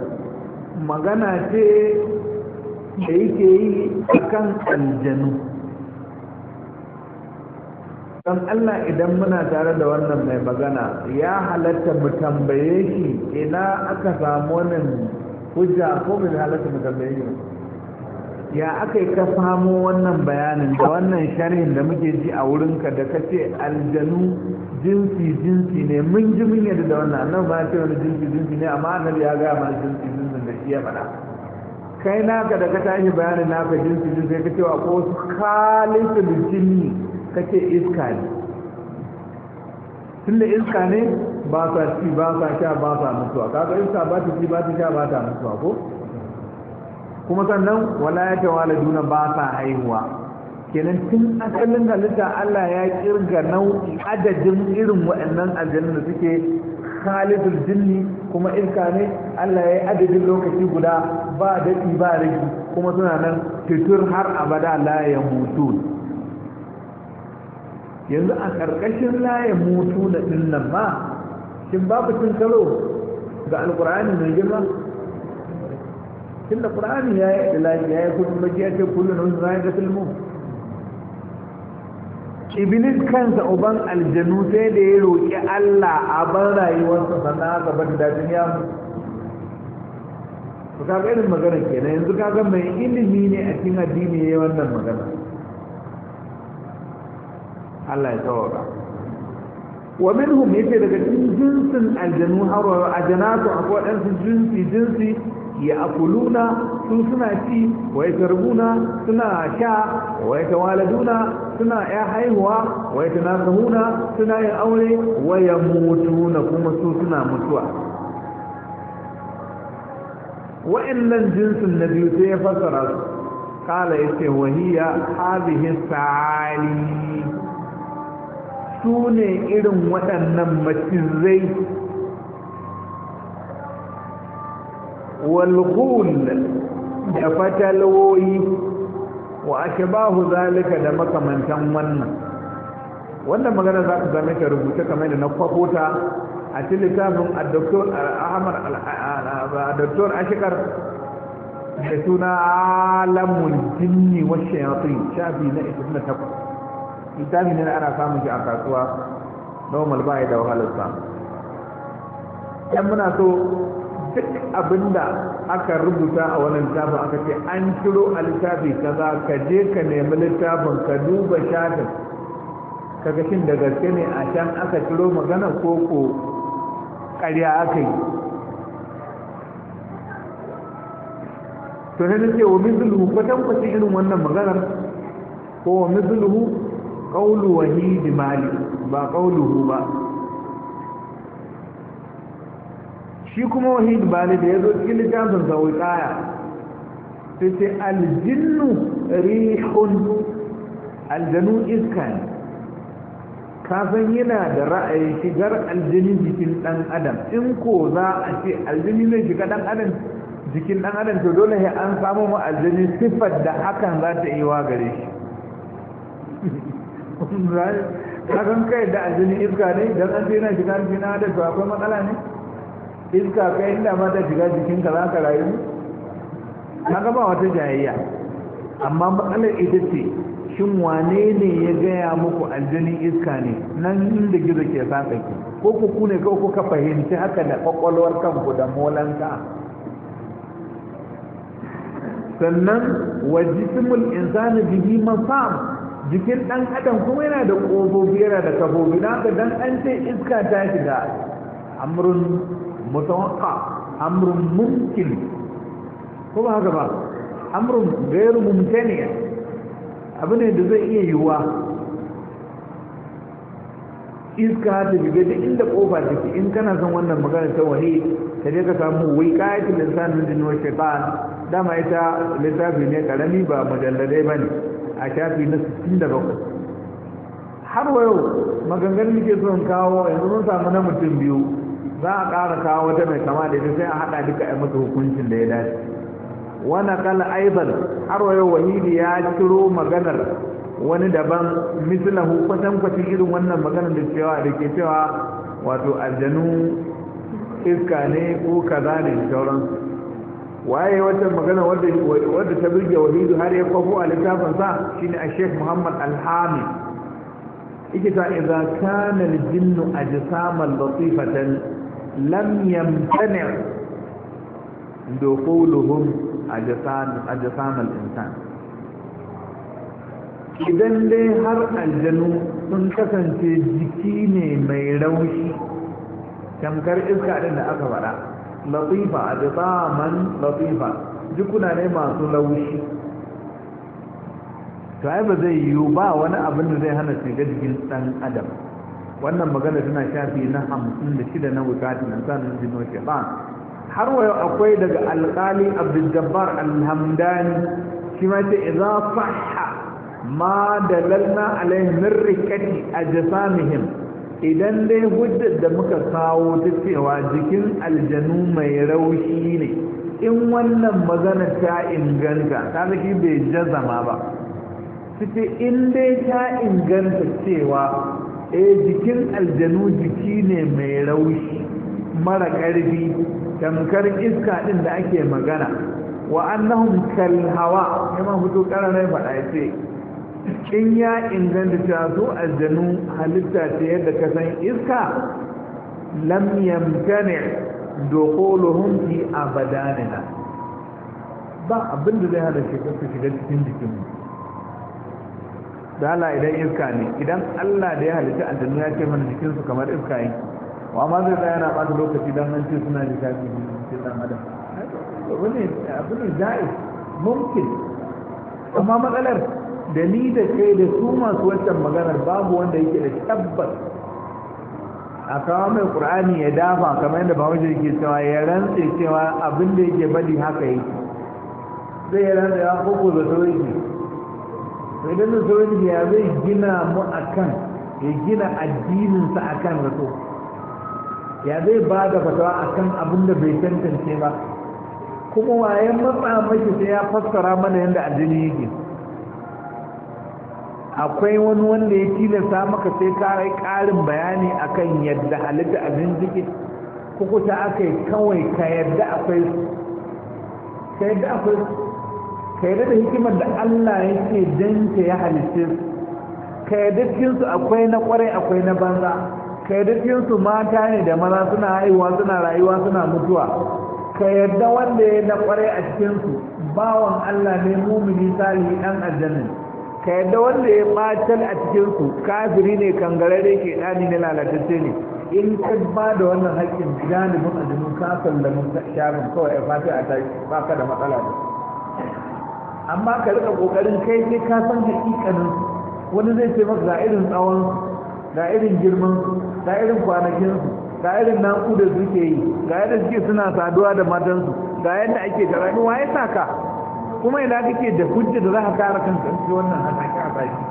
magana ce da yake yi kan aljanu don Allah idan muna tare da wannan mai magana ya halatta mu tambaye shi ina aka samu wannan hujja ko bai halatta mu tambaye shi ya aka yi ka samu wannan bayanin da wannan sharhin da muke ji a wurinka da ka ce aljanu jinsi jinsi ne mun ji mun yadda da wannan annabi ba ce wani jinsi jinsi ne amma annabi ya gaya mana jinsi jinsin da shi ya faɗa kai naka da ka tashi bayanin naka jinsi jinsi ka wa ko khalisul jinni kake iska ne tunda iska ne ba sa ci ba sa sha ba sa mutuwa kaga iska ba ta ci ba ta sha ba ta mutuwa ko kuma sannan wala ya wala duna ba sa haihuwa kenan tun asalin halitta Allah ya kirga nau'i adadin irin waɗannan aljannu da suke khalidul jinni kuma iska ne Allah ya yi adadin lokaci guda ba daɗi ba rigi kuma suna nan fitur har abada la ya mutu yanzu a ƙarƙashin layin mutu da ɗin shi ba shin cin karo ga alƙur'ani mai girma Shin da ƙur'ani ya yi ilahi ya yi kuma baki ya ce kullum na wasu zai ga filmu iblis kansa uban aljanu sai da ya roƙi allah a ban rayuwarsa sannan aka bada dajin ya mu ku ga irin magana kenan yanzu ga mai ilimi ne a cikin addini ya yi wannan magana Allah ya tsawara wa minhum yake daga jinsin aljanu har wa ajanatu akwai waɗansu jinsi jinsi ya akuluna sun suna ci wa ya tarbuna suna sha wa ya tawaladuna suna ya haihuwa wa ya tanasahuna suna yin aure wa ya mutuna kuma su suna mutuwa wa'annan jinsin na biyu sai ya fassara su kala yace wahiya hadhihi sa'ali su ne irin waɗannan macizai walhul da fatalwoyi wa ake bahu zalika da makamantan wannan wannan magana za ku zame ta rubuta kamar da na kwafota a tilitafin a doktor ahmar doktor ashikar da suna alamun jinni wa shayatin shafi na 28 littafi ne ana samun shi a kasuwa normal ba da wahalar sa yan muna so duk abinda aka rubuta a wani littafin aka ce an ciro a littafi za ka je ka nemi littafin ka duba shafin ga shin da gaske ne a can aka ciro magana ko ko ƙarya aka yi to ne ce wa mizulu kwatan irin wannan maganar ko wa mizulu ƙaulu wahidi malik ba ba shi kuma wahidi malik da ya zo cikin littafin zawai tsaya sai ce aljinnu rihun aljanu iska kasan yana da ra'ayin shigar aljini jikin ɗan adam in ko za a ce aljini zai shiga ɗan adam jikin ɗan adam to dole sai an samu ma aljini siffar da hakan za ta yi wa gare shi ka kai da aljini iska ne dan an tsina shiga jikin da akwai matsala ne iska kai inda ma ta shiga jikin ka za ka rayu na gaba wata jayayya amma matsalar ita ce shin wane ne ya gaya muku aljinin iska ne nan inda gizo ke saka ki ko ku ne ko kuka fahimci haka da kwakwalwar kanku da molanka sannan wajisimul insani bihi masam jikin ɗan adam kuma yana da ƙofofi yana da kafofi na ga dan an ce iska ta shiga amrun mutawakka amrun mumkin ko ba haka ba amrun gairu mumtaniya abu ne da zai iya yiwuwa iska ta shiga duk inda kofa take in kana son wannan magana ta wahi ka je ka samu wai kayatul insanin din wa shaitan dama ita littafi ne karami ba mujalladai ne. a shafi na 67 har wa yau maganganun ke son kawo yanzu mun samu na mutum biyu za a ƙara kawo wata mai kama da ita sai a haɗa duka a masa hukuncin da ya dace wani kala aibar har wa wahidi ya ciro maganar wani daban mislahu kwatankwacin irin wannan maganar da cewa da ke cewa wato aljanu iska ne ko kaza ne sauransu waye wata magana wadda ta birge wahidu har ya kwafo a sa shine a sheikh muhammad alhami ike ta idza kana aljinnu ajsaman latifatan lam yamtani dukhuluhum ajsam ajsam al-insan idan dai har aljanu sun kasance jiki ne mai raushi tamkar iska din da aka faɗa latifa adtaman latifa jikuna ne masu laushi to ai ba zai yiwu ba wani abin da zai hana shiga jikin ɗan adam wannan magana tana shafi na hamsin da shida na wukati na sanin jino shaitan har wayo akwai daga alƙali abdulgabbar alhamdani shi ma ce idza sahha ma dalalna alaihi min rikati ajsamihim idan dai hujjar da muka kawo ta cewa jikin aljanu mai raushi ne in wannan magana ta inganta ta zaki bai jazama ba suke in dai ta inganta cewa eh jikin aljanu jiki ne mai raushi mara ƙarfi tamkar iska ɗin da ake magana wa annahum kal hawa kuma fito ƙararai faɗa ya ce in ya inganta ta zo aljanu halitta ta yadda ka san iska lam yamtani dukhuluhum fi abadanina ba abin da zai hada shiga shiga cikin jikin mu da Allah idan iska ne idan Allah da ya halitta aljanu ya ce mana jikin su kamar iska yi wa ma zai tsaya na bata lokaci dan an ce suna jika cikin dan adam wani abu ne za'i mumkin amma matsalar da ni da kai da su masu wancan maganar babu wanda yake da tabbas a kawo mai ƙur'ani ya dafa kamar yadda bahaushe ke cewa ya rantse cewa abin da yake bari haka yi zai ya rantse ya koko da sauransu Sai don da sauransu ya zai gina mu akan ya gina addininsa akan rato ya zai ba da fatawa akan abin da bai tantance ba kuma wayan matsa mashi sai ya fassara mana yadda addini yake akwai wani wanda ya tilasta maka sai yi karin bayani akan yadda halitta abin jiki kukuta aka yi kawai ka yadda akwai ka yadda akwai ka yadda da hikimar da Allah ya don danke ya halitta su ka yadda cikinsu akwai na kwarai akwai na banza ka yadda cikinsu mata ne da maza suna haihuwa suna rayuwa suna mutuwa ka yadda wanda ya na kwarai a cikinsu bawan Allah ne mumini salihi dan aljanna ka yadda wanda ya matal a cikinku kafiri ne kangarare ke ɗani ne lalatacce ne in ka ba da wannan haƙƙin janibin azumin ka mun shafin kawai ya fata a tashi ba ka da matsala ba amma ka rika ƙoƙarin kai sai ka san haƙiƙanin wani zai ce maka ga irin tsawon ga irin girman ga irin su ga irin da suke yi ga yadda suke suna saduwa da matansu ga yadda ake karatu wa ya sa ka kuma ina kake da hujja da za ka kara kanka in wannan halaka a baki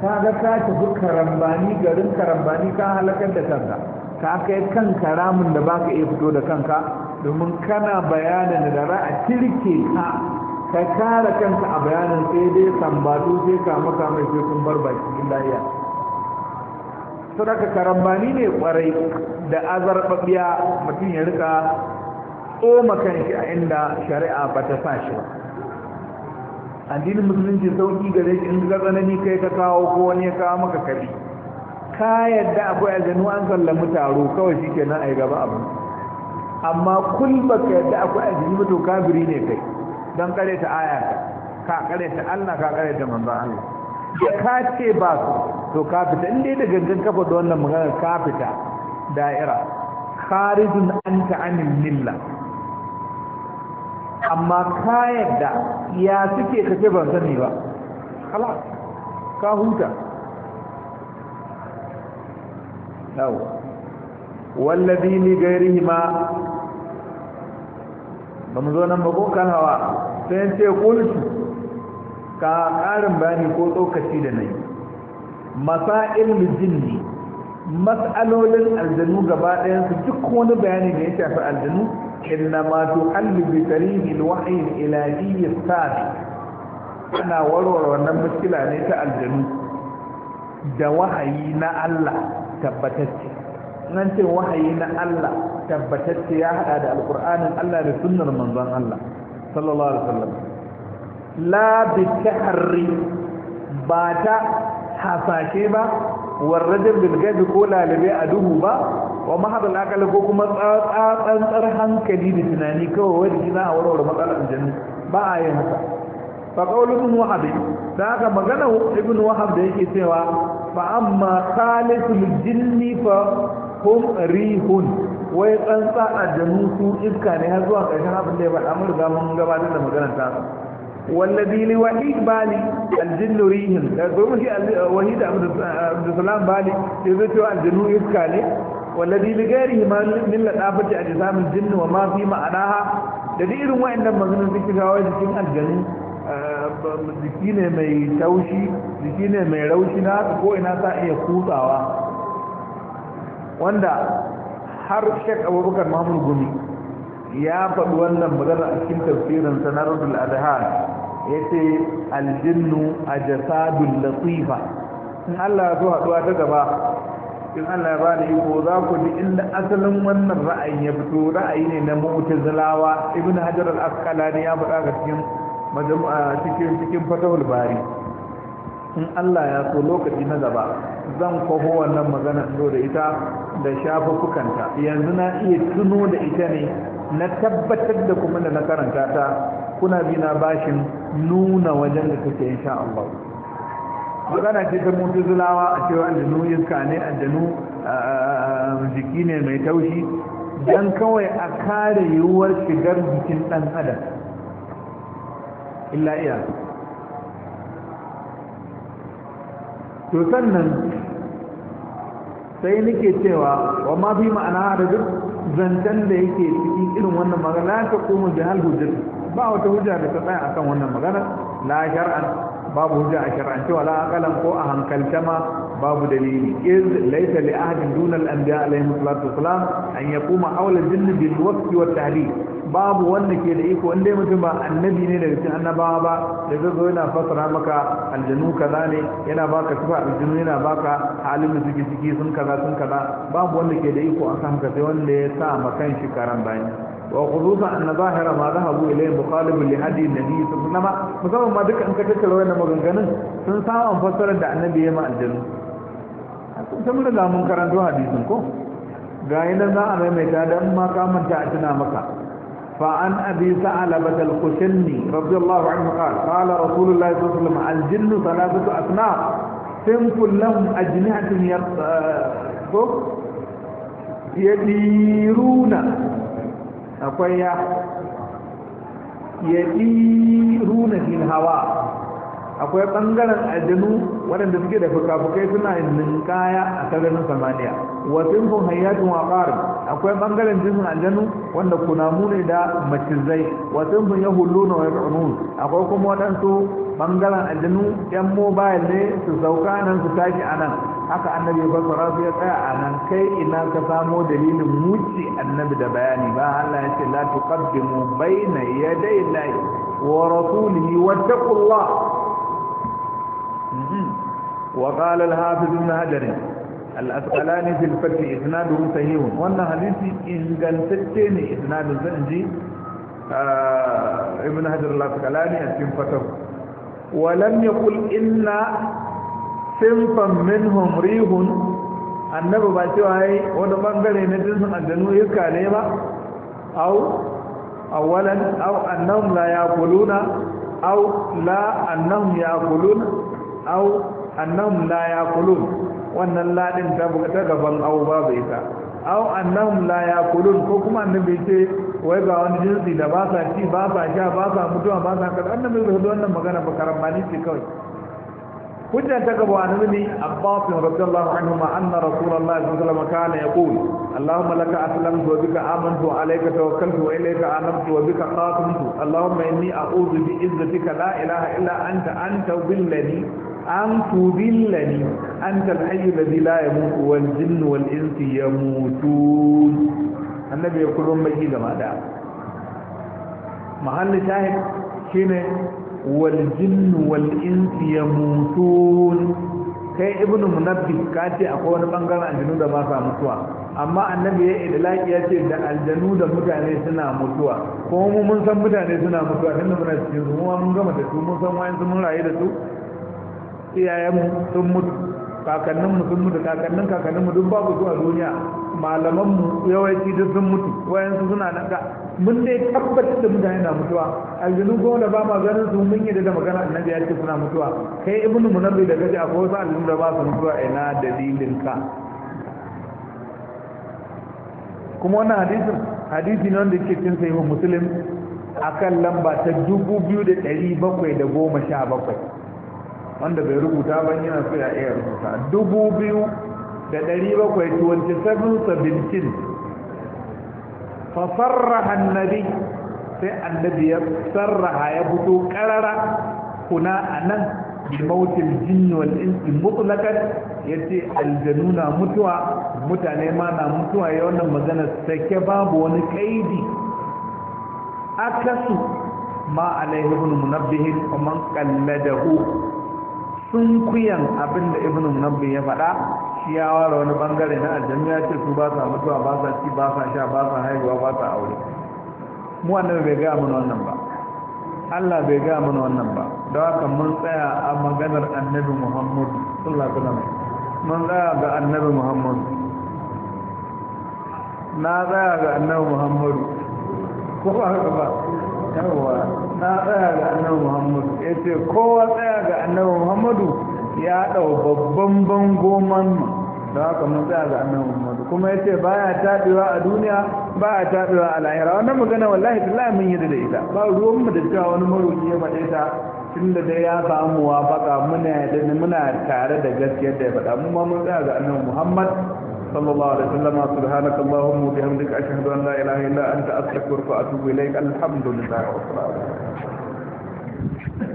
ka ga ka tafi karambani garin karambani ka halakar da kanka ka kai kanka ramin da baka iya fito da kanka domin kana bayanin da za a tirke ka ka kara kanka a bayanin sai dai sambatu sai ka maka mai sai kun bar baki lafiya sadaka karambani ne kwarai da azarbabiya mutum ya rika tsoma kanshi a inda shari'a ba ta sa shi ba addinin musulunci sauki ga zai in ga tsanani kai ka kawo ko wani ya kawo maka kabi ka yadda akwai zanu an sallamu taro kawai shi ke nan a yi gaba abu amma kun ba ka yadda akwai aljanu ba to kafiri ne kai don kare ta aya ka kare ta Allah ka kare ta manzan Allah da ka ce ba su to ka fita in dai da gangan kafa da wannan magana ka fita da'ira kharijun anta anil milla amma ka yadda ya suke kace ban sani ba kala ka huta yau wallazi li ma ba mu zo nan ba kan hawa sai ce kultu ka karin bayani ko tsokaci da nayi masail jinni mas'alolin aljanu gaba ɗayan su duk wani bayani da ya shafi aljanu إنما تحل بطريق الوحي الإلهي الثابت أنا ورور wannan muskila ne ta aljanu da wahayi na Allah tabbatacce nan ce wahayi na Allah tabbatacce ya haɗa da alqur'anin Allah da sunnar manzon Allah sallallahu alaihi wasallam la bi tahri ba ta hasashe ba warrajin bilgadi ko lalabe a duhu ba wa mahadal akal ko kuma tsantsantsar hankali da tunani kawai wani shi za a warware matsalar aljanu ba a yi haka fa qawlu ibn wahab da aka magana ibn wahab da yake cewa fa amma khalisul jinni fa hum rihun wai tsantsa aljanu su iska ne har zuwa karshen abin da ya faɗa mun riga mun gabatar da maganar ta والذي لوحيد بالي الجن da domin shi wahid abdulsalam bali ya zai cewa aljanu iska ne wallazi bi ghairihi ma min ladabati ajzamil jinn wa ma fi ma'anaha da dai irin wa'annan maganar zikin gawa jikin aljanu jiki ne mai taushi jiki ne mai raushi na haka ko ina ta iya kutsawa wanda har shek abubakar mahmud gumi ya faɗi wannan maganar a cikin tafsirin sanarul da adhan ya ce aljinnu a jasadun latifa in allah ya zo haɗuwa ta gaba in Allah ya ba da iko za ku ji inda asalin wannan ra'ayin ya fito ra'ayi ne na mu'tazilawa ibn hajar al-asqalani ya faɗa ga cikin majmu'a cikin cikin bari in Allah ya so lokaci na gaba zan kwafo wannan magana zo da ita da shafuffukanta yanzu na iya tuno da ita ne na tabbatar da kuma da na karanta ta kuna na bashin nuna wajen da take insha Allah magana ce ta mutu zulawa a cewa aljanu iska ne aljanu jiki ne mai taushi don kawai a kare yiwuwar shigar jikin ɗan adam illa iya to sannan sai nake cewa wa ma fi ma'ana da duk zancen da yake cikin irin wannan magana ta koma jihar hujjar ba wata hujja da ta tsaya akan wannan magana la shar'an babu hujja a shar'ance wala aqalan ko a hankalta ma babu dalili iz laysa li ahadin duna al anbiya alayhi salatu wassalam an yaquma awla jinn bil waqti wa tahlil babu wanda ke da iko inda mutum ba annabi ne daga cikin annabawa ba da zai zo yana fasara maka aljanu kaza ne yana baka sifa aljanu yana baka halin da suke ciki sun kaza sun kaza babu wanda ke da iko akan ka sai wanda ya sa ma shi karan bayan وخصوصا أن ظاهر ما ذهبوا إليه مخالف لهدي النبي صلى الله عليه وسلم مثلا ما دك أنك تتكلم وين مغنغن سنسا أنفسر دع النبي ما الجنة sun riga mun karanto hadisin ko ga yana za a maimaita don ma kamanta a tuna maka فعن أبي ثعلبة الخشني رضي الله عنه قال قال رسول الله صلى الله عليه وسلم الجن ثلاثة أصناف صنف لهم أجنحة يطيرون akwai ya yadi runa hawa akwai ɓangaren aljanu waɗanda suke da fukafukai suna ninkaya a sararin samaniya wa sinfin hayyatun wa ɓarin akwai ɓangaren jinsin aljanu wanda kunamu ne da macizai wa kun ya hullu na akwai kuma waɗansu ɓangaren aljanu yan mobile ne su sauka nan su tashi a nan haka annabi ba su su ya tsaya a nan kai ina ka samo dalilin muci annabi da bayani ba Allah ya ce la tuqaddimu bayna yaday wa rasulihi taqullah وقال الحافظ بن حجر الأسقلاني في الفتح إسناده صحيح وأن حديثي إن قلتتني إسناد زنجي ابن حجر الأسقلاني أتم فتح ولم يقل إن sinfan minhum rihun annabi ba cewa yayi wani bangare na jinsin aljanu ya ne ba au awalan au annahum la yaquluna au la annahum yaquluna au annahum la yaqulun wannan ladin ta ta gaban au babu ita au annahum la yaqulun ko kuma annabi ce wai ga wani jinsi da ba sa ci ba sa sha ba sa mutuwa ba sa kada annabi bai hudu wannan magana ba karambani ce kawai hujja ta gaba wa annabi abbas radiyallahu anhu ma anna rasulullah sallallahu alaihi wasallam kana yaqul allahumma laka aslamtu wa bika amantu wa alayka tawakkaltu wa ilayka anabtu wa bika qasamtu allahumma inni a'udhu bi izzatika la ilaha illa anta anta billani an tudillani anta alhayyu alladhi la yamutu wal jinnu wal insu mutu annabi ya kullum baki gaba da mahalli shahid shine wal jinnu wal insu yamutun kai ibnu munabbi ka ce akwai wani bangaren aljanu da ba sa mutuwa amma annabi ya idlaki ya ce da aljanu da mutane suna mutuwa ko mu mun san mutane suna mutuwa tunda muna cikin su mun gama da su mun san wayan mun rayu da su iyayenmu sun mutu kakanninmu sun mutu kakannin kakanninmu duk babu su a duniya malamanmu yawanci duk sun mutu wayansu suna nan mun dai tabbatar da mutane na mutuwa aljinu ko da ba ma ganin su mun yi da magana annabi ya ce suna mutuwa kai ibnu munabbi da gaji akwai wasu aljinu da ba su mutuwa ina dalilin ka kuma wannan hadisin hadisi ne wanda yake cin sahihu muslim akan lamba ta dubu biyu da ɗari bakwai da goma sha bakwai wanda bai rubuta ban yana so ya iya rubuta dubu biyu da ɗari bakwai tuwanci sabin cin, fasarra hannabi, sai annabi ya sarraha ya fito karara. kuna a nan mautin jinni wal insi ya ce aljanu na mutuwa mutane ma na mutuwa ya wannan magana sake babu wani kaidi akasu ma alaihi ibn munabbihin wa man qalladahu sunkuyan abin da ibn munabbi ya faɗa shi ya ware wani bangare na aljanna ya ce su ba sa mutuwa ba sa ci ba sa sha ba sa haihuwa ba sa aure mu wannan bai gaya mana wannan ba Allah bai gaya mana wannan ba Da haka mun tsaya a maganar annabi Muhammad sallallahu alaihi wasallam mun tsaya ga annabi Muhammad na tsaya ga annabi Muhammad ko ba haka ba yawa na tsaya ga annabi muhammadu ya ce kowa tsaya ga annabi muhammadu ya ɗau babban bango manma da haka mun tsaya ga annabi muhammadu kuma ya ce baya taɗewa a duniya baya taɗewa a lahira wannan magana wallahi tallahi mun yi da ita ba ruwan mu da cewa wani maroki ya faɗe ta tun da dai ya samu wa baka muna tare da gaskiyar da ya faɗa mu ma mun tsaya ga annabi muhammad صلى الله عليه وسلم سبحانك اللهم وبحمدك أشهد أن لا إله إلا أنت أستغفرك وأتوب إليك الحمد لله رب العالمين